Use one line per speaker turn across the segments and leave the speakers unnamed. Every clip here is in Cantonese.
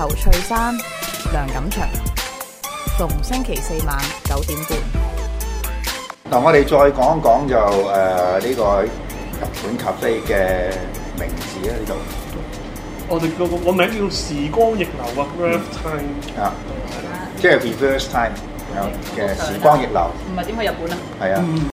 侯翠珊、梁錦祥，逢星期四晚九點半。嗱，我哋再講一講就誒呢個日本咖啡嘅名字咧，呢度。我哋個個名叫時光逆流啊，reverse time 啊，即係 reverse time 嘅時光逆流。唔係點去日本啊？係啊。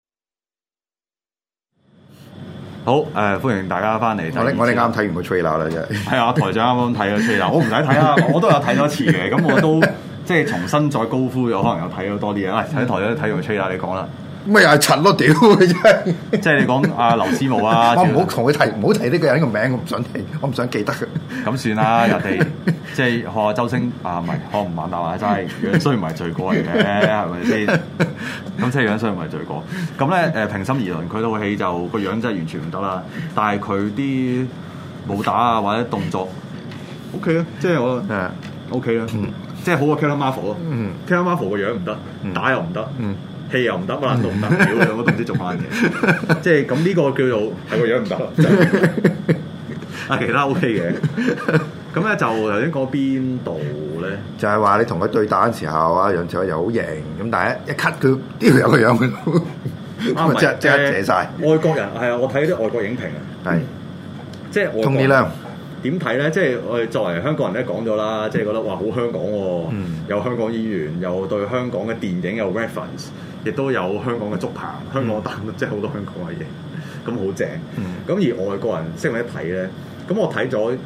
好，誒、呃、歡迎大家翻嚟。我我哋啱啱睇完個 trailer 啦，真
係。係啊、 哎，台長啱啱睇咗 trailer， 我唔使睇啦，我都有睇多次嘅，咁我都即係重新再 go through 咗，可能有睇咗多啲嘢。係、哎，睇台長都睇完 trailer，你講啦。
咪又係陳咯屌！真係
即係你講阿劉思慕然啊，我唔好
同佢提，唔好提呢個人個名，我唔想提，我唔想記得嘅。
咁算啦，人哋即係學下周星啊，唔係學唔玩大話齋樣衰唔唔係罪過嚟嘅，係咪先？咁即係樣衰唔係罪過。咁咧誒，平心而論，佢套戲就個樣真係完全唔得啦。但係佢啲武打啊，或者動作 OK 啊，即係我誒 OK 啦，即係好過 Captain Marvel 咯。Captain Marvel 個樣唔得，um, um, 打又唔得。Um, 氣又唔得啦，動唔得，兩都唔知做乜嘢，即係咁呢個叫做係個樣唔得，啊其他 OK 嘅，
咁咧就頭先講邊度咧？就係話你同佢對打嘅時候啊，楊卓又好型，咁但係一 cut 佢呢個有個樣嘅，即即刻謝曬。
外國人係啊，我睇啲外國影評啊，係即係同啲咧。點睇咧？即係、就是、我哋作為香港人咧，講咗啦，即係覺得哇，好香港喎、哦！嗯、有香港演員，又對香港嘅電影有 reference，亦都有香港嘅竹棚。香港彈得真係好多香港嘅嘢，咁好正。咁、嗯、而外國人識咪一睇咧？咁我睇咗誒，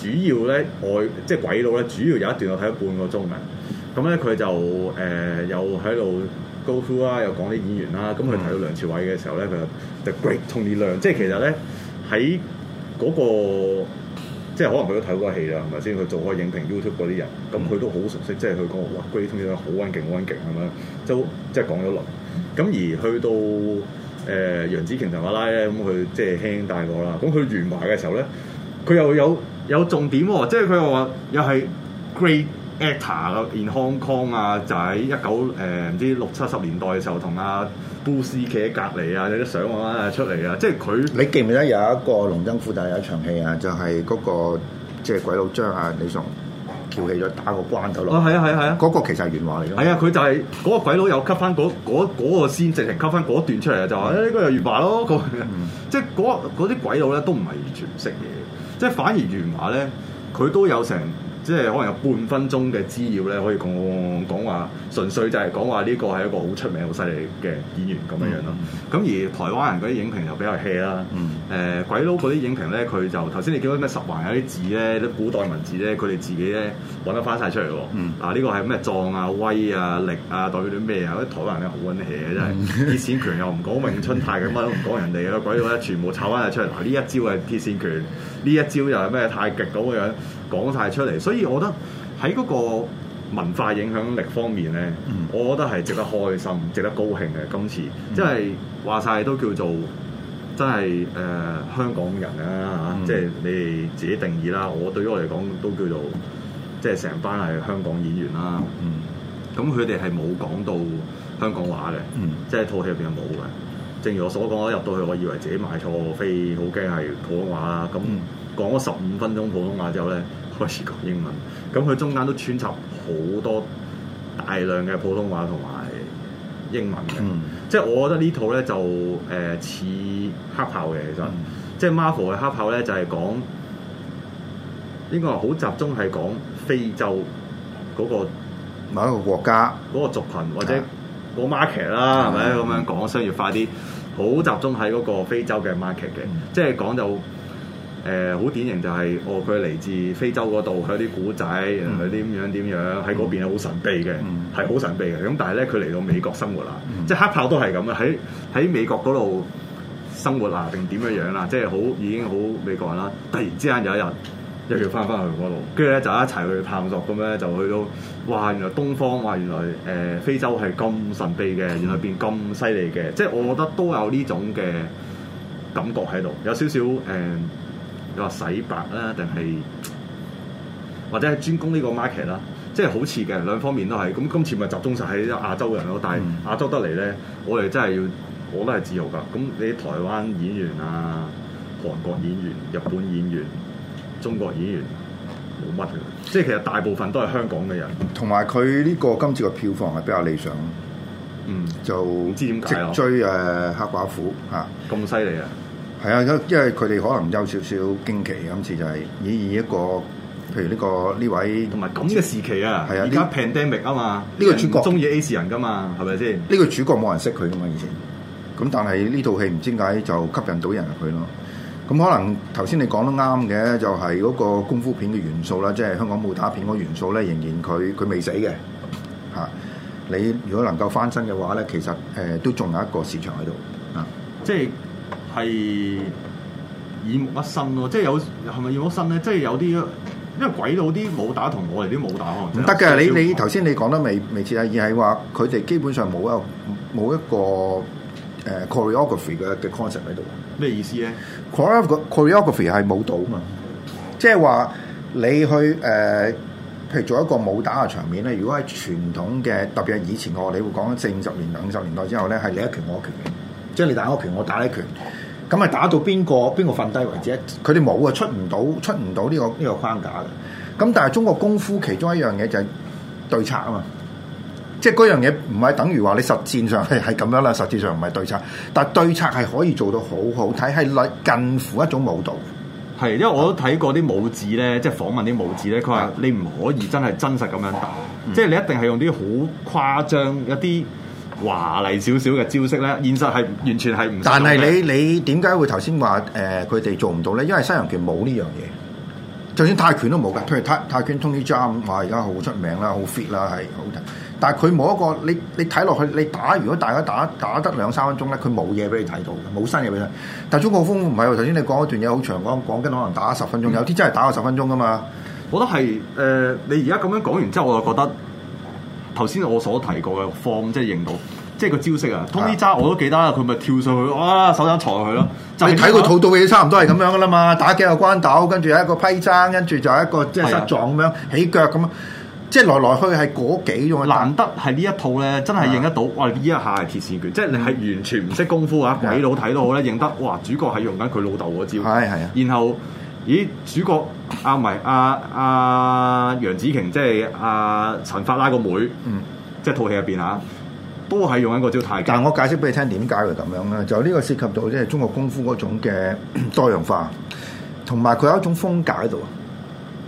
主要咧外即係鬼佬咧，主要有一段我睇咗半個鐘啊。咁咧佢就誒、呃、又喺度 go through 啦，又講啲演員啦。咁佢睇到梁朝偉嘅時候咧，佢就 great Tony Leung，即、就、係、是、其實咧喺嗰個。即係可能佢都睇過嗰戲啦，係咪先？佢做開影評 YouTube 嗰啲人，咁佢都好熟悉。即係佢講，哇，great 好安勁，安温勁咁樣，就即係講咗落。咁而去到誒、呃、楊紫瓊同阿拉咧，咁、嗯、佢即係輕輕帶過啦。咁佢言話嘅時候咧，佢又有有重點喎、哦。即係佢又話又係 great actor in Hong Kong 啊、呃，就喺一九誒唔知六七十年代嘅時候同阿。布斯騎嘅隔離啊，有啲
相啊出嚟啊，即係佢。你記唔記得有一個龍爭虎鬥有一場戲啊？就係、是、嗰、那個即係鬼佬張啊李松調起咗打個關頭咯。啊係啊係啊係啊！嗰、啊啊啊、個其實係元華
嚟嘅。係啊，佢就係、是、嗰、那個鬼佬有 cut 翻嗰個先，直、那、情、個、cut 翻嗰段出嚟啊！就話呢個係元華咯，那個嗯、即係嗰啲鬼佬咧都唔係完全識嘢，即係反而元華咧佢都有成。即係可能有半分鐘嘅資料咧，可以講講話，純粹就係講話呢個係一個好出名、好犀利嘅演員咁樣樣咯。咁而台灣人嗰啲影評就比較 hea 啦。誒鬼佬嗰啲影評咧，佢就頭先你見到咩十環有啲字咧，啲古代文字咧，佢哋自己咧揾得翻晒出嚟。嗱呢個係咩壯啊威啊力啊，代表啲咩啊？啲台灣人好温 hea 真係鐵線拳又唔講詠春太嘅，乜都唔講人哋嘅鬼佬咧，全部炒翻晒出嚟。嗱呢一招係鐵線拳，呢一招又係咩太極咁嘅樣。講晒出嚟，所以我覺得喺嗰個文化影響力方面咧，嗯、我覺得係值得開心、值得高興嘅。今次即係話晒都叫做真係誒、呃、香港人啊嚇！嗯、即係你哋自己定義啦。我對於我嚟講都叫做即係成班係香港演員啦、啊。咁佢哋係冇講到香港話嘅，嗯、即係套戲入邊係冇嘅。正如我所講，我入到去，我以為自己買錯飛，好驚係普通話啦。咁講咗十五分鐘普通話之後咧。開始講英文，咁佢中間都穿插好多大量嘅普通話同埋英文嘅，嗯、即係我覺得套呢套咧就誒、呃、似黑豹嘅，其實、嗯、即係 Marvel 嘅黑豹咧就係、是、講應該話好集中係講非洲嗰、那個某一個國家嗰個族群或者個 market 啦、嗯，係咪咁樣講商業化啲，好集中喺嗰個非洲嘅 market 嘅、嗯嗯，即係講就。誒好、呃、典型就係、是，哦佢嚟自非洲嗰度，佢有啲古仔，佢啲咁樣點樣喺嗰、嗯、邊係好神秘嘅，係好、嗯、神秘嘅。咁但係咧，佢嚟到美國生活啦、嗯，即係黑豹都係咁嘅，喺喺美國嗰度生活啊，定點樣樣啦？即係好已經好美國人啦。突然之間有一日，又要翻返去嗰度，跟住咧就一齊去探索咁咧，就去到哇原來東方，哇原來誒、呃、非洲係咁神秘嘅，原來變咁犀利嘅。即係我覺得都有呢種嘅感覺喺度，有少少誒。嗯嗯嗯你話洗白啦，定係或者係專攻呢個 market 啦，即係好似嘅兩方面都係。咁今次咪集中晒喺亞洲人咯，但係亞洲得嚟咧，我哋真係要我都係自由㗎。咁你台灣演員啊、韓國演員、日本演員、中國演員冇乜嘅，即係其實大部分都係香港嘅人。
同埋佢呢個今次嘅票房係比較理想嗯，就唔知點解直追誒黑寡婦嚇，咁犀利啊！係啊，因為佢哋可能有少少驚奇，今次就係以以一個，譬如呢個呢位同埋咁嘅時期啊，係啊，而家 pandemic 啊嘛，呢個主角中意 A 市人噶嘛，係咪先？呢個主角冇人識佢噶嘛以前，咁但係呢套戲唔知點解就吸引到人入去咯。咁可能頭先你講得啱嘅，就係嗰個功夫片嘅元素啦，即係香港武打片嗰個元素咧，仍然佢佢未死嘅嚇。你如果能夠翻身嘅話咧，其實誒都仲有一個市場喺度啊，
即係。係耳目一新咯，即係有係咪耳目一新咧？即係有啲，因為鬼佬啲武打同我哋啲武打可能唔得嘅。你你
頭先你講得未未切啊？而係話佢哋基本上冇一冇一個誒、呃，choreography 嘅嘅 concept 喺度。咩意思咧？choreography 係舞蹈啊嘛，即係話你去誒、呃，譬如做一個武打嘅場面咧，如果係傳統嘅，特別係以前我你會講緊四五十年、五十年代之後咧，係你一拳我一拳。即係你打一個拳，我打一拳，咁咪打到邊個邊個瞓低為止？佢哋冇啊，出唔到出唔到呢個呢個框架嘅。咁但係中國功夫其中一樣嘢就係對策啊嘛。即係嗰樣嘢唔係等於話你實戰上係係咁樣啦，實戰上唔係對策，但係對策係可以做到好好睇，係類近乎一種舞蹈。
係，因為我都睇過啲舞者咧，即係訪問啲舞者咧，佢話你唔可以真係真實咁樣打，係嘅。嗯。即係你一定係用啲好誇張一啲。華麗少少嘅招式咧，現實係完全係唔同。但係你
你點解會頭先話誒佢哋做唔到咧？因為西洋拳冇呢樣嘢，就算泰拳都冇㗎。譬如泰泰拳 Tony Jaa 咁，話而家好出名啦，好 fit 啦，係好睇。但係佢冇一個你你睇落去，你打如果大家打打得兩三分鐘咧，佢冇嘢俾你睇到嘅，冇新嘢俾你。但係中國風唔係喎，頭先你講一段嘢好長，講講緊可能打十分鐘，嗯、有啲真係打咗十分鐘㗎嘛。我
覺得係、呃、你而家咁樣講完之後，我就覺得。頭先我所提過嘅方，即係認到，即係個招式啊！通呢揸我都記得，佢咪跳上去，哇！
手肘藏落去咯。你睇個套路嘅嘢差唔多係咁樣噶啦嘛，打幾個關斗，跟住有一個批踭，跟住就有一個即係失撞咁樣起腳咁，即係來來去去係嗰幾種。難得係呢一套咧，真係認得到哇！呢一下係鐵線拳，即係你係完全唔識功夫啊！鬼佬
睇到咧認得，哇！主角係用緊佢老豆嗰招，係係啊，然後。咦，主角阿唔阿阿楊紫瓊，即係阿、啊、陳法拉個妹，嗯，即係套戲入邊嚇，
都係用一個招太極。但係我解釋俾你聽點解佢咁樣咧，就呢個涉及到即係中國功夫嗰種嘅多元化，同埋佢有一種風格喺度。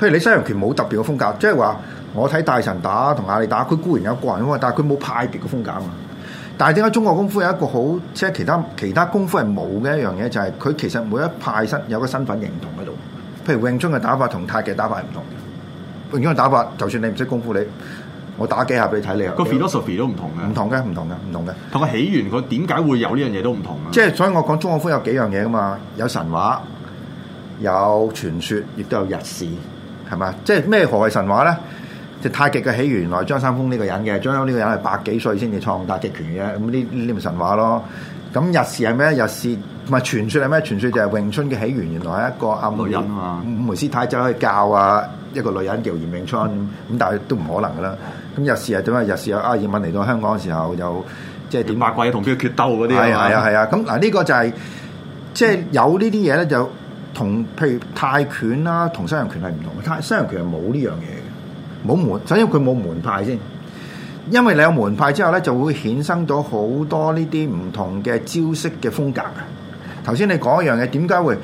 譬如你西洋拳冇特別嘅風格，即係話我睇大陳打同阿里打，佢固然有一個人因為，但係佢冇派別嘅風格啊嘛。但係點解中國功夫有一個好即係其他其他，其他功夫係冇嘅一樣嘢，就係、是、佢其實每一派身有個身份認同喺度。譬如詠春嘅打法同太極打法係唔同嘅，詠春嘅打法就算你唔識功夫，你我打幾下俾你睇你啊。個 philosophy 都唔同嘅，唔同嘅，唔同嘅，
同埋起源，佢點解會有呢樣嘢都唔同啊！即係
所以我講中國風有幾樣嘢㗎嘛，有神話，有傳說，亦都有野史，係咪？即係咩何為神話咧？就太極嘅起源，原來張三豐呢個人嘅，張三豐呢個人係百幾歲先至創太極拳嘅，咁呢呢啲咪神話咯。咁日事係咩？日事唔係傳説係咩？傳説就係詠春嘅起源，原來係一個阿五五梅師太走去教啊一個女人叫嚴詠春咁，嗯、但係都唔可能噶啦。咁日事係點啊？日事有啊葉問嚟到香港嘅時候有即係點八卦同佢決鬥嗰啲啊，啊。係啊係啊，咁嗱呢個就係即係有呢啲嘢咧，就同、是、譬如泰拳啦、啊，同西洋拳係唔同嘅。泰西洋拳係冇呢樣嘢嘅，冇門，首先因為佢冇門派先。因為你有門派之後咧，就會衍生咗好多呢啲唔同嘅招式嘅風格。頭先你講一樣嘢，點解會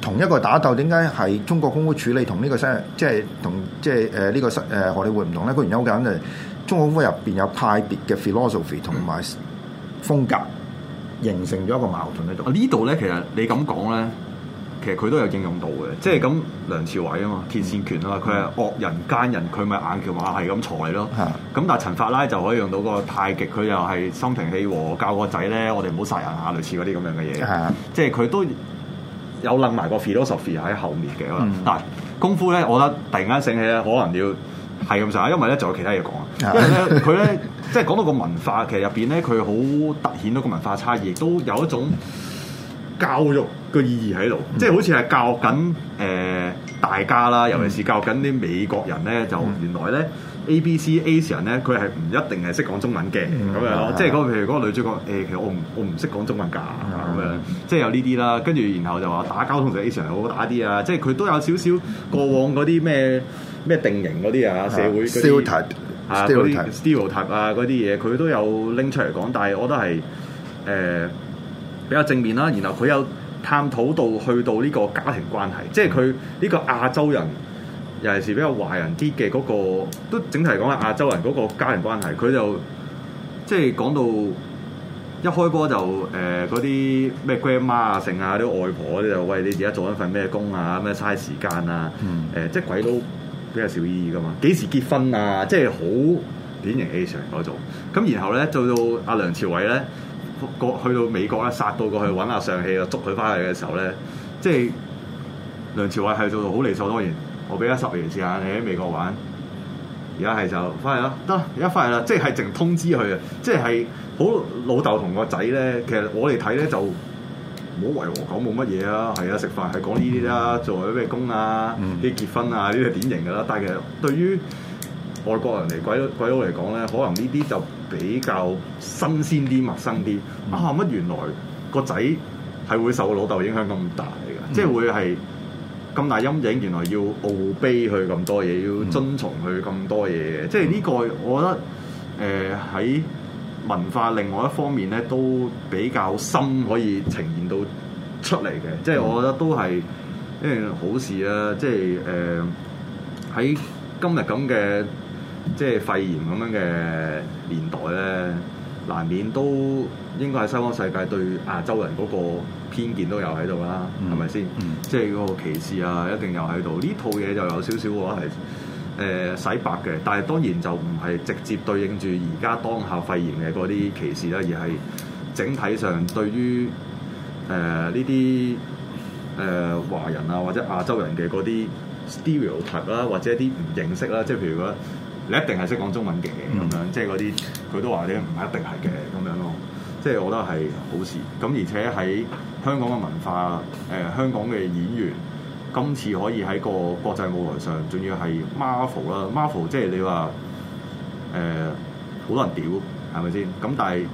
同一個打鬥？點解係中國功夫處理、這個呃這個呃、同呢個西即係同即係誒呢個西誒荷里活唔同咧？個原因好簡單就係，中國功夫入邊有派別嘅 philosophy 同埋風格，嗯、形成咗一個矛盾
喺度。啊、呢度咧，其實你咁講咧。其實佢都有應用到嘅，即係咁梁朝偉啊嘛，鐵線拳啊嘛，佢係、嗯、惡人奸人，佢咪硬橋馬係咁才咯。咁的但係陳法拉就可以用到個太極，佢又係心平氣和教個仔咧。我哋唔好殺人啊，類似嗰啲咁樣嘅嘢。的即係佢都有諗埋個 philosophy 喺後面嘅。嗱的、啊、功夫咧，我覺得突然間醒起咧，可能要係咁上下，因為咧就有其他嘢講的，因為咧佢咧即係講到個文化，其實入邊咧佢好凸顯到個文化差異，亦都有一種教育，個意義喺度，即係好似係教緊誒大家啦，尤其是教緊啲美國人咧，就原來咧 ABC Asian 咧，佢係唔一定係識講中文嘅咁樣咯。即係嗰譬如嗰個女主角誒，其實我唔我唔識講中文㗎咁樣，即係有呢啲啦。跟住然後就話打交通時 Asian 好打啲啊！即係佢都有少少過往嗰啲咩咩定型嗰啲啊，社會 stereotype 啊嗰啲 stereotype 啊嗰啲嘢，佢都有拎出嚟講，但係我覺得係誒比較正面啦。然後佢有。探討到去到呢個家庭關係，即係佢呢個亞洲人，尤其是比較華人啲嘅嗰個，都整體嚟講啊，亞洲人嗰個家庭關係，佢就即係講到一開波就誒嗰啲咩 grandma 啊，剩啊啲外婆嗰啲就喂你而家做緊份咩工啊，咩嘥時間啊，誒、嗯呃、即係鬼都比較少意義噶嘛，幾時結婚啊，即係好典型 Asian 嗰種。咁然後咧，做到阿梁朝偉咧。個去到美國咧，殺到過去揾阿尚氣啊，捉佢翻嚟嘅時候咧，即係梁朝偉係做到好理所當然。我俾咗十年時間你喺美國玩，而家係就翻嚟啦，得而家翻嚟啦，即係淨通知佢啊，即係好老豆同個仔咧。其實我哋睇咧就唔好維和講冇乜嘢啦。係啊，食飯係講呢啲啦，做咩咩工啊，啲、嗯、結婚啊呢啲係典型㗎啦。但係其實對於。外國人嚟鬼佬鬼佬嚟講咧，可能呢啲就比較新鮮啲、陌生啲。啊，乜原來個仔係會受老豆影響咁大嘅，嗯、即係會係咁大陰影。原來要 obey 佢咁多嘢，要遵從佢咁多嘢嘅。嗯、即係呢個，我覺得誒喺、呃、文化另外一方面咧，都比較深，可以呈現到出嚟嘅。即係、嗯、我覺得都係一件好事啦、啊。即係誒喺今日咁嘅。即係肺炎咁樣嘅年代咧，難免都應該係西方世界對亞洲人嗰個偏見都有喺度啦，係咪先？吧嗯、即係嗰個歧視啊，一定有喺度。呢套嘢就有少少嘅話係誒洗白嘅，但係當然就唔係直接對應住而家當下肺炎嘅嗰啲歧視啦，而係整體上對於誒呢啲誒華人啊或者亞洲人嘅嗰啲 stereotype 啦或者一啲唔認識啦，即係譬如咧。你一定係識講中文嘅咁樣，即係嗰啲佢都話你唔係一定係嘅咁樣咯。即係我覺得係好事。咁而且喺香港嘅文化，誒、呃、香港嘅演員，今次可以喺個國際舞台上，仲要係 Marvel 啦，Marvel 即係你話誒好多人屌，係咪先？咁但係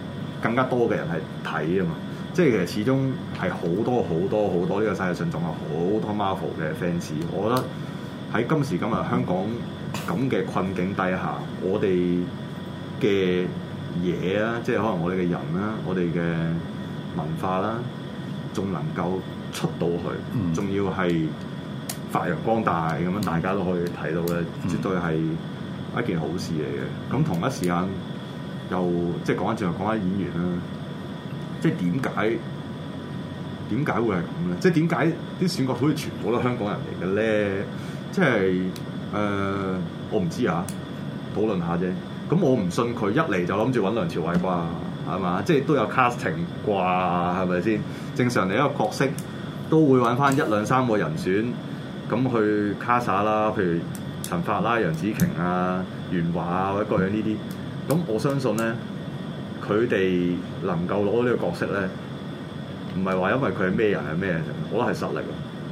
更加多嘅人係睇啊嘛。即係其實始終係好多好多好多呢、這個世界上仲有好多 Marvel 嘅 fans。我覺得喺今時今日香港。咁嘅困境底下，我哋嘅嘢啦，即係可能我哋嘅人啦，我哋嘅文化啦，仲能夠出到去，仲、嗯、要係發揚光大咁樣，大家都可以睇到嘅，絕對係一件好事嚟嘅。咁、嗯、同一時間又即係講翻轉，講翻演員啦，即係點解點解會係咁咧？即係點解啲選角好似全部都香港人嚟嘅咧？即係。誒、呃，我唔知啊，討論下啫。咁我唔信佢一嚟就諗住揾梁朝偉啩，係嘛？即係都有 casting 啩，係咪先？正常你一個角色都會揾翻一兩三個人選咁去 cast 啦，譬如陳法拉、楊紫瓊啊、袁華啊，或者各樣呢啲。咁我相信咧，佢哋能夠攞到呢個角色咧，唔係話因為佢係咩人係咩人，我都係實力。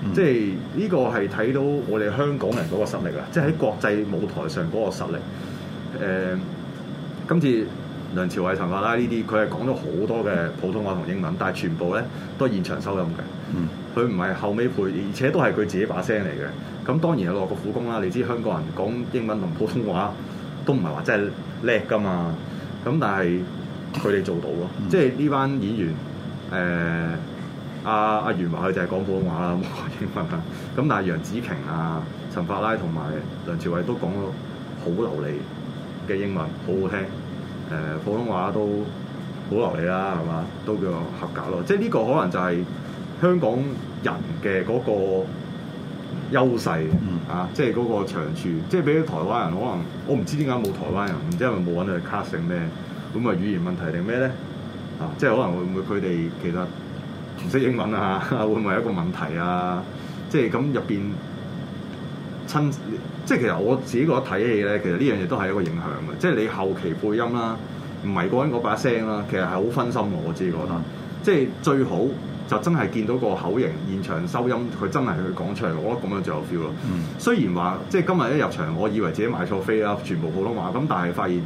嗯、即係呢個係睇到我哋香港人嗰個實力啊！即係喺國際舞台上嗰個實力。誒、呃，今次梁朝偉、陳法拉呢啲，佢係講咗好多嘅普通話同英文，但係全部咧都係現場收音嘅。佢唔係後尾配，而且都係佢自己把聲嚟嘅。咁當然有落過苦功啦。你知香港人講英文同普通話都唔係話真係叻㗎嘛？咁但係佢哋做到咯。嗯、即係呢班演員誒。呃阿阿、啊啊、袁華佢就係講普通話啦，冇英文。咁但係楊紫瓊啊、陳法拉同埋梁朝偉都講到好流利嘅英文，好好聽。誒、呃，普通話都好流利啦，係嘛？都叫做合格咯。即係呢個可能就係香港人嘅嗰個優勢、嗯、啊，即係嗰個長處。即、就、係、是、比起台灣人，可能我唔知點解冇台灣人，唔知係咪冇揾到 cast 咩？咁啊，語言問題定咩咧？啊，即、就、係、是、可能會唔會佢哋其實？唔識英文啊，會唔會係一個問題啊？即係咁入邊親，即係其實我自己覺得睇戲咧，其實呢樣嘢都係一個影響嘅。即係你後期配音啦，唔係講緊嗰把聲啦，其實係好分心嘅。我自己覺得，嗯、即係最好就真係見到個口型、現場收音，佢真係去講出嚟，我覺得咁樣最有 feel 咯。嗯、雖然話即係今日一入場，我以為自己買錯飛啦，全部普通話咁，但係發現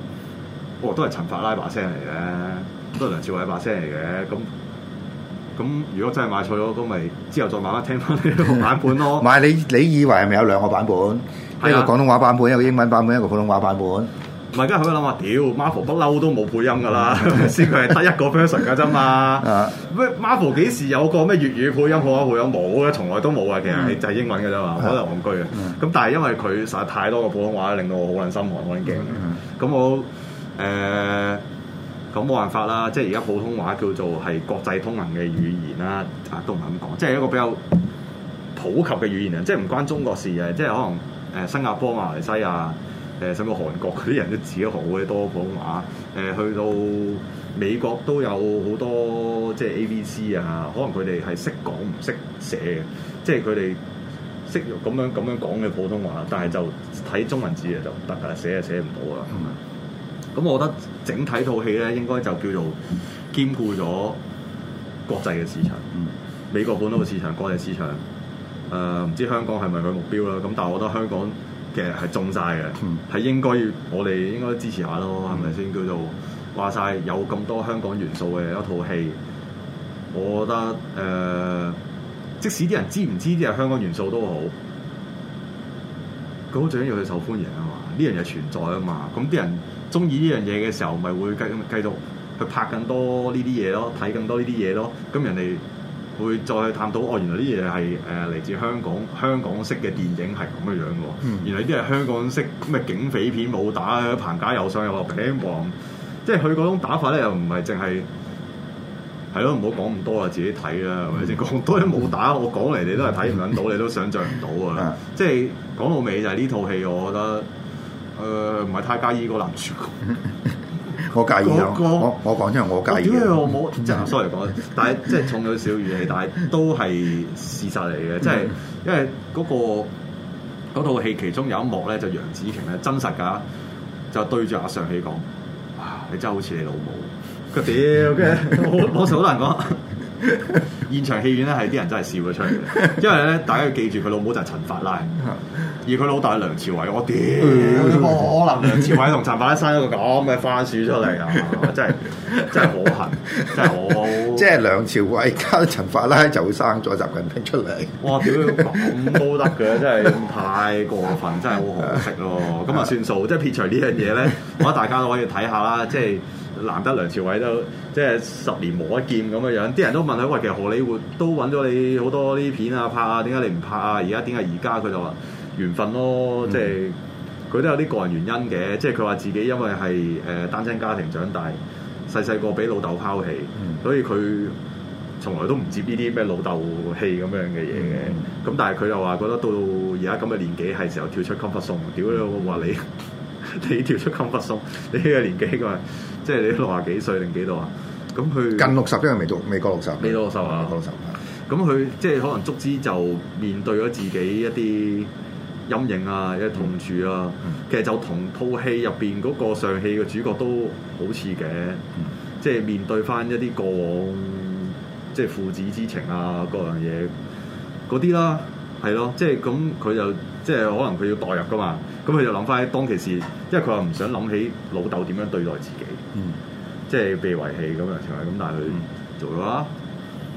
哦，都係陳法拉把聲嚟嘅，都係梁朝偉把聲嚟嘅咁。咁如果真係買錯咗，都咪之後再慢慢聽翻呢個版
本咯。唔係你你以為係咪有兩個版本？的一個廣東話版本，一個英文版本，一個普通話版本？
唔係， 而家佢諗話屌 Marvel 不嬲都冇配音㗎啦，先佢係得一個 person 㗎啫嘛。咩、 啊、Marvel 幾時有個咩粵語配音？我覺得配音冇嘅，從來都冇嘅。其實你就係英文㗎啫嘛，可能憨居嘅。咁、啊啊、但係因為佢實在太多個普通話，令到我好撚心寒，好撚驚。咁我誒。嗯啊啊咁冇辦法啦，即係而家普通話叫做係國際通行嘅語言啦，啊都唔係咁講，即係一個比較普及嘅語言啊，即係唔關中國事嘅，即係可能誒、呃、新加坡、馬、啊、來西亞誒、呃、甚至韓國嗰啲人都自己學好多普通話，誒、呃、去到美國都有好多即係 ABC 啊，可能佢哋係識講唔識寫嘅，即係佢哋識咁樣咁樣講嘅普通話，但係就睇中文字啊就唔得噶，寫啊寫唔到啊。嗯咁我覺得整體套戲咧，應該就叫做兼顧咗國際嘅市場，嗯、美國本土嘅市場、國際市場，誒、呃、唔知香港係咪佢目標啦？咁但係我覺得香港嘅係中晒嘅，係、嗯、應該我哋應該支持下咯，係咪先叫做話晒有咁多香港元素嘅一套戲？我覺得誒、呃，即使啲人知唔知啲係香港元素都好，咁最緊要佢受歡迎啊嘛，呢樣嘢存在啊嘛，咁啲人，中意呢樣嘢嘅時候，咪會繼繼續去拍更多呢啲嘢咯，睇更多呢啲嘢咯。咁人哋會再去探討哦，原來呢嘢係誒嚟自香港，香港式嘅電影係咁嘅樣喎。原來啲係香港式咩警匪片、武打、棚架友上嘅，希望即係佢嗰種打法咧，又唔係淨係係咯，唔好講咁多啦，自己睇啦，係咪先？講多啲武打，我講嚟你都係睇唔揾到，你都想像唔到啊！嗯、即係講到尾就係呢套戲，我覺得。誒唔係太介意嗰個男主角，
我介意啊、嗰個！我我講因為我介意因、啊、為我冇即係 sorry
講，但係即係重咗少語氣，但係都係事實嚟嘅，即係因為嗰、嗰、套、個、戲其中有一幕咧，就楊紫瓊咧真實㗎，就對住阿尚氣講：哇！你真係好似你老母，佢屌嘅，當時好多人講， 現場戲院咧係啲人真係笑咗出嚟，因為咧大家要記住佢老母就係陳法拉。 而佢老豆梁朝偉，我屌！嗯、可能梁朝偉同陳法拉生一個咁嘅番薯出嚟 啊！真係真係好恨， 真係
好即係梁朝偉加陳法拉就會生咗習近平出嚟。 哇！
屌咁都得嘅，真係太過分，真係好好食咯！咁啊 算數，即係 撇除呢樣嘢咧， 我覺得大家都可以睇下啦。即、就、係、是、難得梁朝偉都即係十年磨一劍咁嘅樣，啲人，人都問佢：喂，其實荷里活都揾咗你好多啲片啊，拍啊，點解你唔拍啊？而家點解而家佢就話？緣分咯，即係佢都有啲個人原因嘅，即係佢話自己因為係誒單親家庭長大，細細個俾老豆拋棄，嗯、所以佢從來都唔接呢啲咩老豆戲咁樣嘅嘢嘅。咁、嗯、但係佢又話覺得到而家咁嘅年紀係時候跳出 comfort zone，屌你我話你，嗯、 你跳出 comfort zone，你呢個年紀佢話，即係你六廿幾歲定幾多，多60，啊？咁佢近
六十都係未到，未過六十，未到六十啊，
六十啊，咁佢即係可能卒之就面對咗自己一啲。陰影啊，有痛處啊，嗯、其實就同套戲入邊嗰個上戲嘅主角都好似嘅，即係、嗯、面對翻一啲過往，即、就、係、是、父子之情啊，各樣嘢嗰啲啦，係咯、啊，即係咁佢就即、是、係、就是、可能佢要代入噶嘛，咁佢就諗翻起當其時，因為佢又唔想諗起老豆點樣對待自己，即係、嗯、被遺棄咁，梁朝況梁朝偉咁，但係佢做到啦，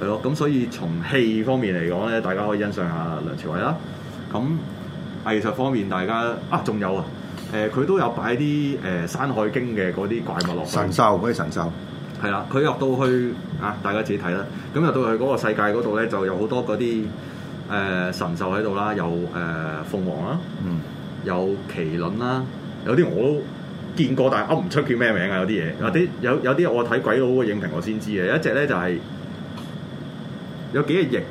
係咯、嗯，咁所以從戲方面嚟講咧，大家可以欣賞下梁朝偉啦，咁。藝術方面，大家啊，仲有啊，誒、呃、佢都有擺啲誒、呃《山海經》嘅嗰啲怪物
落去，神獸嗰啲神獸，
係啦，佢入到去啊，大家自己睇啦。咁入到去嗰個世界嗰度咧，就有好多嗰啲誒神獸喺度啦，有誒、呃、鳳凰啦、啊，嗯，有麒麟啦、啊，有啲我都見過，但係噏唔出叫咩名啊？有啲嘢，有啲有有啲我睇鬼佬嘅影評，我先知嘅。有一隻咧就係、是、有幾隻翼，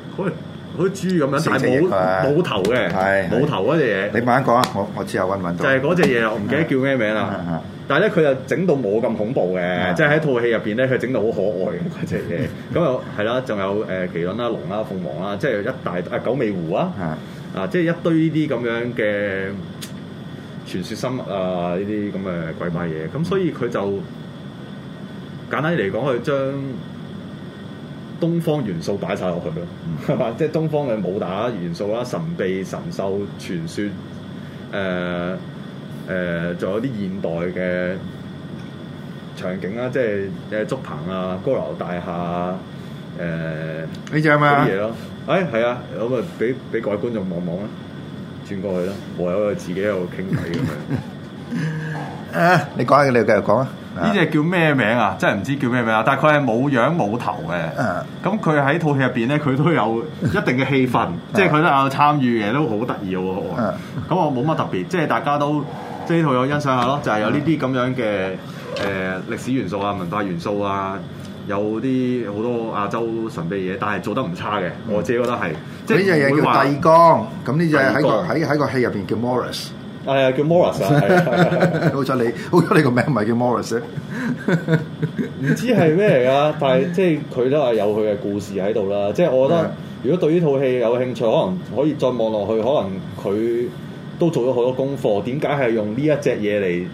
好似豬咁樣，但係冇冇頭嘅，冇是是 頭嗰隻嘢。
你慢慢講啊，我我之後揾唔揾到。就係嗰隻嘢，我唔記得
叫咩名啦。是是是但係咧，佢又整到冇咁恐怖嘅，即係喺套戲入邊咧，佢整到好可愛嗰隻嘢。咁、那個、是是 又係啦，仲有誒麒麟啦、啊、龍啦、啊、鳳凰啦，即係一大啊九尾狐啊，啊，即係一堆呢啲咁樣嘅傳說生物啊，呢啲咁嘅鬼怪嘢。咁所以佢就、嗯、簡單嚟講，佢將。東方元素擺晒落去咯，係嘛？即係東方嘅武打元素啦、神秘神獸傳說，誒、呃、誒，仲、呃、有啲現代嘅場景啦，即係誒竹棚啊、高樓大廈、呃哎、啊，誒呢隻啊嘛啲嘢咯，誒係啊，咁啊，俾俾各位觀眾望望啦，轉過去啦，我
有自己又傾偈咁樣。啊， 你講下，你繼續講啊！呢隻、嗯、
叫咩名啊？真係唔知叫咩名啊！但係佢係冇樣冇頭嘅。咁佢喺套戲入邊咧，佢都有一定嘅戲份，嗯、即係佢都有參與嘅，都好得意喎。誒、嗯，咁我冇乜特別，即係大家都即係呢套有欣賞下咯，就係、是、有呢啲咁樣嘅誒、呃、歷史元素啊、文化元素啊，有啲好多亞洲神秘嘢，但係做得
唔差嘅，我自己覺得係。呢隻叫帝江，咁呢隻喺個喺喺個戲入邊叫 Morris。係啊，叫 Morris 啊， 好彩你好彩你個名唔係叫 Morris，
唔 知係咩嚟噶，但係即係佢都話有佢嘅故事喺度啦。即係我覺得如果對呢套戲有興趣，可能可以再望落去，可能佢都做咗好多功課。點解係用一呢一隻嘢嚟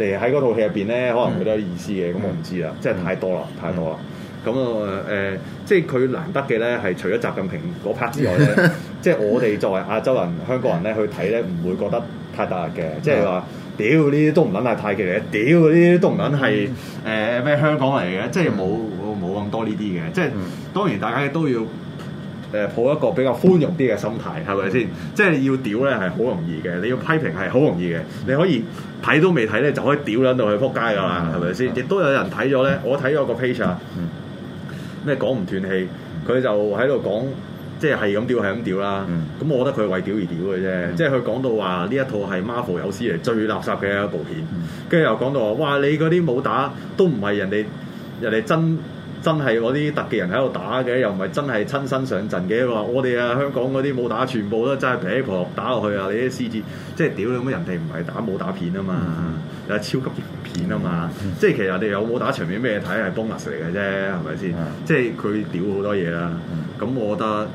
嚟喺嗰套戲入邊咧？可能佢都有意思嘅。咁、嗯、我唔知啦，嗯、即係太多啦，太多啦。咁啊誒，即係佢難得嘅咧，係除咗習近平嗰 part 之外咧。 即係我哋作為亞洲人、香港人咧，去睇咧，唔會覺得太大嘅。即係話屌呢啲都唔撚係太極嚟嘅，屌呢啲都唔撚係誒咩香港嚟嘅。即係冇冇咁多呢啲嘅。即係當然大家都要誒抱一個比較寬容啲嘅心態，係咪先？即係要屌咧係好容易嘅，你要批評係好容易嘅。你可以睇都未睇咧，就可以屌撚到去撲街噶啦，係咪先？亦都有人睇咗咧，我睇咗個 page，咩講唔斷氣，佢就喺度講。即係係咁屌係咁屌啦，咁我覺得佢係為屌而屌嘅啫。即係佢講到話呢一套係 Marvel 有史嚟最垃圾嘅一部片，跟住又講到話，哇！你嗰啲武打都唔係人哋人哋真真係嗰啲特技人喺度打嘅，又唔係真係親身上陣嘅。話我哋啊香港嗰啲武打全部都真係劈劈啪啪打落去啊！你啲獅子即係屌咁樣，人哋唔係打武打片啊嘛，係 超級英雄片啊嘛。即係其實你有武打場面咩睇係 bonus 嚟嘅啫，係咪先？即係佢屌好多嘢啦。咁 我覺得。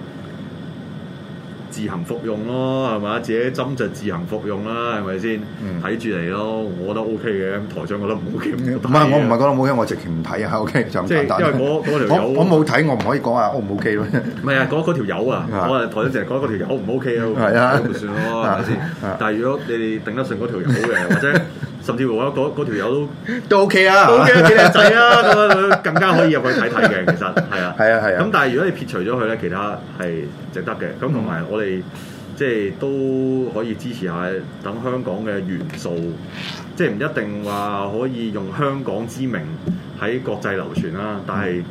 自行服用咯，係咪？自己針就自行服用啦，係咪先？睇住嚟咯，我覺得 OK 嘅。台長覺得唔 OK 咩？唔係，我唔係
覺得唔 OK，我直情唔睇啊，OK 就咁簡單。即係因為我嗰條友，我冇睇，我唔可以講話 O 唔 OK 咯。
唔係啊，嗰條友啊，我啊台長就講嗰條友唔 OK 啊，係啊，咁算咯，係咪先？但係如果你哋頂得順嗰條友嘅，或者。甚至我嗰條友都
都 OK 啊，OK 幾靚仔啊，咁啊 樣更加可以入去睇睇嘅，其實
係啊係啊係啊。咁、啊啊、但係如果你撇除咗佢咧，其他係值得嘅。咁同埋我哋即係都可以支持下，等香港嘅元素，即係唔一定話可以用香港之名喺國際流傳啦。但係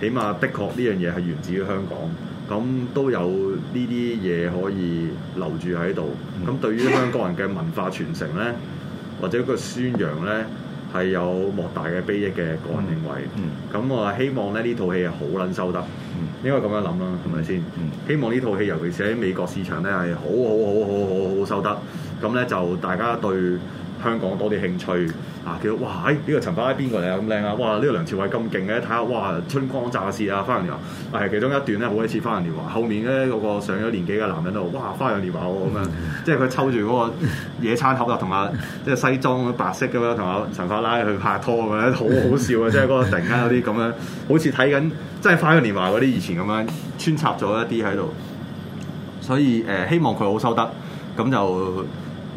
起碼的確呢樣嘢係源自於香港，咁都有呢啲嘢可以留住喺度。咁對於香港人嘅文化傳承咧。或者個宣揚咧，係有莫大嘅裨益嘅，個人認為。咁我希望咧，呢套戲係好撚收得，應該咁樣諗啦，係咪先？希望呢套戲尤其是喺美國市場咧，係好好好好好好收得，咁咧，就大家對香港多啲興趣。啊！叫哇！呢個陳法拉邊個嚟啊？咁靚啊！哇！呢、哎這個個，啊，這個梁朝偉咁勁嘅，睇下哇！春光乍泄啊！花樣年華，係、啊、其中一段咧，好鬼似花樣年華。後面咧，嗰、那個上咗年紀嘅男人度，哇！花樣年華喎咁樣，即係佢抽住嗰個野餐盒啊，同阿即係西裝白色咁樣，同阿陳法拉去拍拖咁樣，樣，好好笑啊！即係嗰個突然間有啲咁樣，好似睇緊即係花樣年華嗰啲以前咁樣穿插咗一啲喺度。所以誒、呃，希望佢好收得，咁就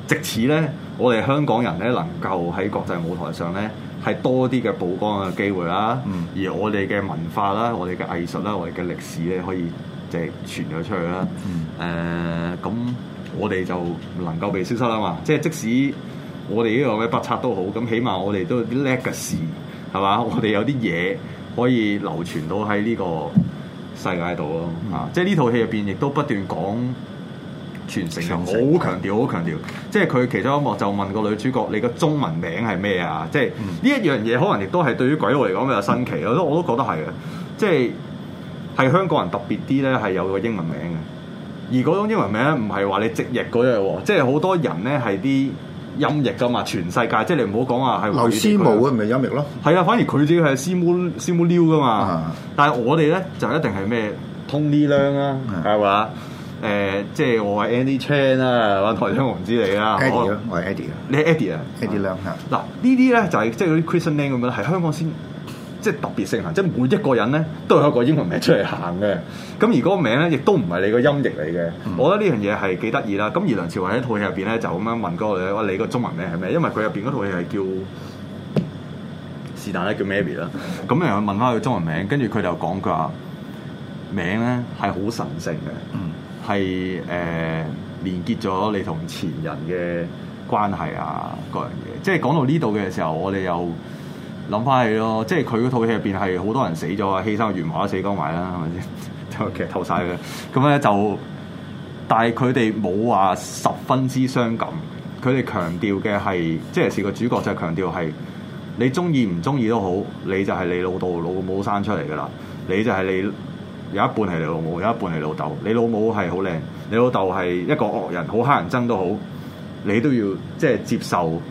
即此咧。我哋香港人咧，能夠喺國際舞台上咧，係多啲嘅曝光嘅機會啦、啊。嗯，而我哋嘅文化啦，我哋嘅藝術啦，我哋嘅歷史咧，可以即係傳咗出去啦。嗯，誒、呃，咁我哋就能夠被消失啦嘛。即係即使我哋呢度嘅不測都好，咁起碼我哋都有啲叻嘅事，係嘛？我哋有啲嘢可以流傳到喺呢個世界度咯。啊，嗯、即係呢套戲入邊亦都不斷講。傳承，好強調，好強調，即係佢其中一幕就問個女主角：你嘅中文名係咩啊？即係呢一樣嘢，可能亦都係對於鬼佬嚟講比較新奇，我都我都覺得係嘅。即係係香港人特別啲咧，係有個英文名嘅。而嗰種英文名唔係話你直譯嗰樣，即係好多人咧係啲音譯噶嘛，全世界即係你唔好講話係劉思慕啊，咪音譯咯。係啊，反而佢只係思慕思慕妞噶嘛。但係我哋咧就一定係咩通呢靚啦，係嘛？誒、呃，即係我係 Andy Chan 啦、啊，台長我唔知你啊。我係 Eddie 啊，你係 Eddie 啊，Eddie Leung。嗱呢啲咧就係即係嗰啲 Christian name 咁樣，係香港先即係特別盛行，即係每一個人咧都有一個英文名出嚟行嘅。咁、嗯、而嗰個名咧亦都唔係你個音譯嚟嘅。嗯、我覺得呢樣嘢係幾得意啦。咁而梁朝偉喺套戲入邊咧就咁樣問嗰個女，你個中文名係咩？因為佢入邊嗰套戲係叫是但咧叫 Maby 啦。咁又後問開佢中文名，跟住佢就講佢話名咧係好神聖嘅。嗯.係誒、呃、連結咗你同前人嘅關係啊，各樣嘢。即係講到呢度嘅時候，我哋又諗翻起咯。即係佢套戲入邊係好多人死咗啊，犧牲完嘛死光埋啦，係咪先？ 就劇透曬啦。咁咧就，但係佢哋冇話十分之傷感。佢哋強調嘅係，即係個主角就係強調係，你中意唔中意都好，你就係你老豆老，老母生出嚟噶啦，你就係你。有一半係你老母，有一半係老豆。你老母係好靚，你老豆係一個惡人，好乞人憎都好，你都要即係接受，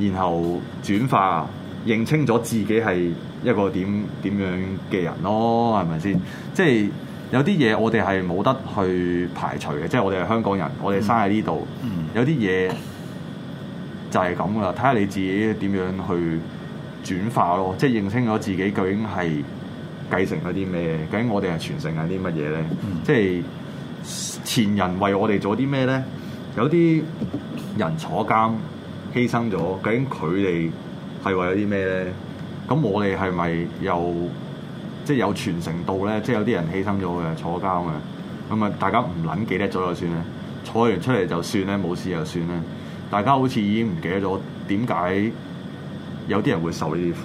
然後轉化，認清咗自己係一個點點樣嘅人咯，係咪先？即係有啲嘢我哋係冇得去排除嘅，即係我哋係香港人，我哋生喺呢度，嗯、有啲嘢就係咁啦。睇下你自己點樣去轉化咯，即係認清咗自己究竟係。繼承咗啲咩？究竟我哋係傳承緊啲乜嘢咧？嗯、即係前人為我哋做啲咩咧？有啲人坐監犧牲咗，究竟佢哋係為咗啲咩咧？咁我哋係咪又即係有傳承到咧？即係有啲人犧牲咗嘅坐監嘅，咁啊大家唔撚記得咗就算啦，坐完出嚟就算咧，冇事就算啦。大家好似已經唔記得咗，點解有啲人會受呢啲苦？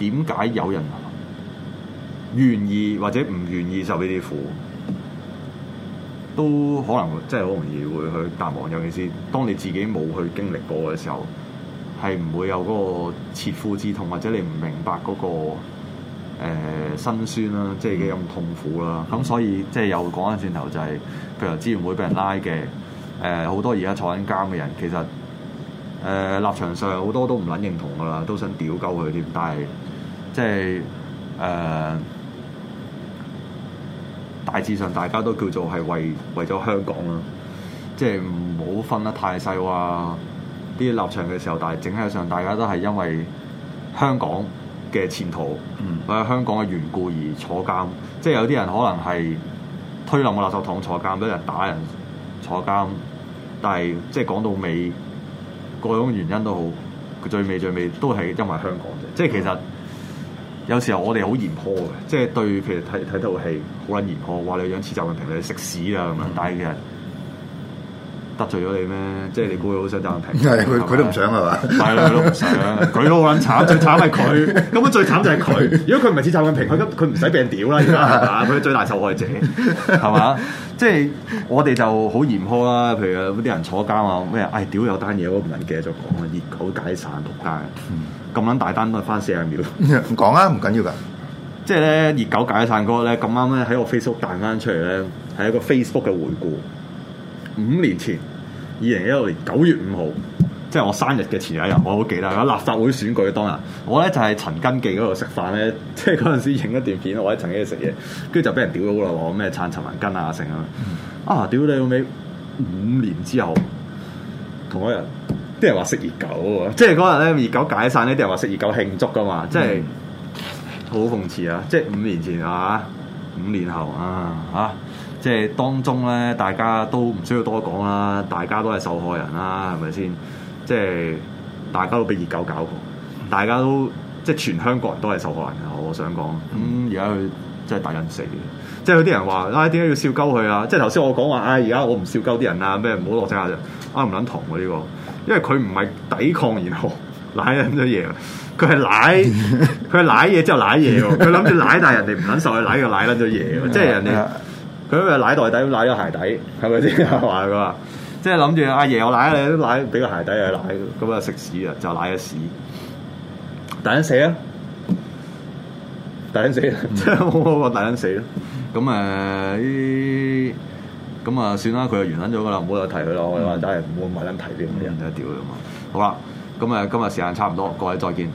點解、嗯、有人？願意或者唔願意受呢啲苦，都可能即係好容易會去淡忘。尤其是當你自己冇去經歷過嘅時候，係唔會有嗰個切膚之痛，或者你唔明白嗰、那個、呃、辛酸啦、啊，即係幾咁痛苦啦、啊。咁所以即係又講翻轉頭、就是，就係譬如支聯會俾人拉嘅，誒、呃、好多而家坐緊監嘅人，其實誒、呃、立場上好多都唔撚認同噶啦，都想屌鳩佢添。但係即係誒。呃大致上大家都叫做係為為咗香港咯，即係唔好分得太細啊，話啲立場嘅時候，但係整體上大家都係因為香港嘅前途，嗯，或者香港嘅緣故而坐監。即係有啲人可能係推冧個垃圾桶坐監，俾人打人坐監。但係即係講到尾，各種原因都好，佢最尾最尾都係因為香港啫。嗯，即係其實。有時候我哋好嚴苛嘅，即係對其實睇睇套戲好撚嚴苛。話你個樣似習近平，你食屎啊，咁樣，但係其實得罪咗你咩？即係你估佢好想爭停？係佢，佢都唔想係嘛？係啊，佢都唔想。佢都好撚慘，最慘係佢。根本最慘就係佢。如果佢唔係似習近平，佢咁佢唔使病屌啦。而家佢最大受害者係嘛？ 即係我哋就好嚴苛啦。譬如嗰啲人坐監啊，咩？哎屌！有單嘢我唔係繼續講啊。熱狗解散六單，咁撚大單都係翻四
十秒。唔講啊，唔緊要㗎。係
即係咧，熱狗解散嗰個咧，咁啱咧喺我 Facebook 彈翻出嚟咧，係一個 Facebook 嘅回顧五年前。二零一六年九月五號，即係我生日嘅前一日，我好記得。立法會選舉當日，我咧就係、是、陳根記嗰度食飯咧，即係嗰陣時影一段片，我喺陳記食嘢，跟住就俾人屌到啦喎！咩撐陳文根啊，成啊，啊屌你老尾！五年之後同一日，啲人話食熱狗喎，即係嗰日咧熱狗解散咧，啲人話食熱狗慶祝㗎嘛，即係、嗯、好諷刺啊！即係五年前啊，五年後啊，嚇、啊。即係當中咧，大家都唔需要多講啦。大家都係受害人啦、啊，係咪先？即係大家都俾熱狗搞過，大家都即係全香港人都係受害人。我想講，咁而家佢即係打緊死，即係有啲人話：啊點解要笑鳩佢啊？即係頭先我講話，啊而家我唔笑鳩啲人啊，咩唔好落井下石，啱唔撚同嘅呢個，因為佢唔係抵抗，然後舐咗嘢，佢係舐，佢舐嘢之後舐嘢喎，佢諗住舐，但係人哋唔撚受，佢舐就舐撚咗嘢，即係人哋。 佢咪奶袋底，奶咗鞋底，係咪先？話佢話，嗯、 即係諗住阿爺，爺我奶你奶，都奶俾個鞋底又奶，咁啊食屎啊，就奶咗屎。大緊死啊！大緊死啊！即係我話大緊死咯。咁啊咁啊算啦，佢就完撚咗噶啦，唔好再提佢咯。 我哋話真係唔好唔好再提啲咁嘅嘢，掉佢啊嘛。好啦，咁啊今日時間差唔多，各位再見。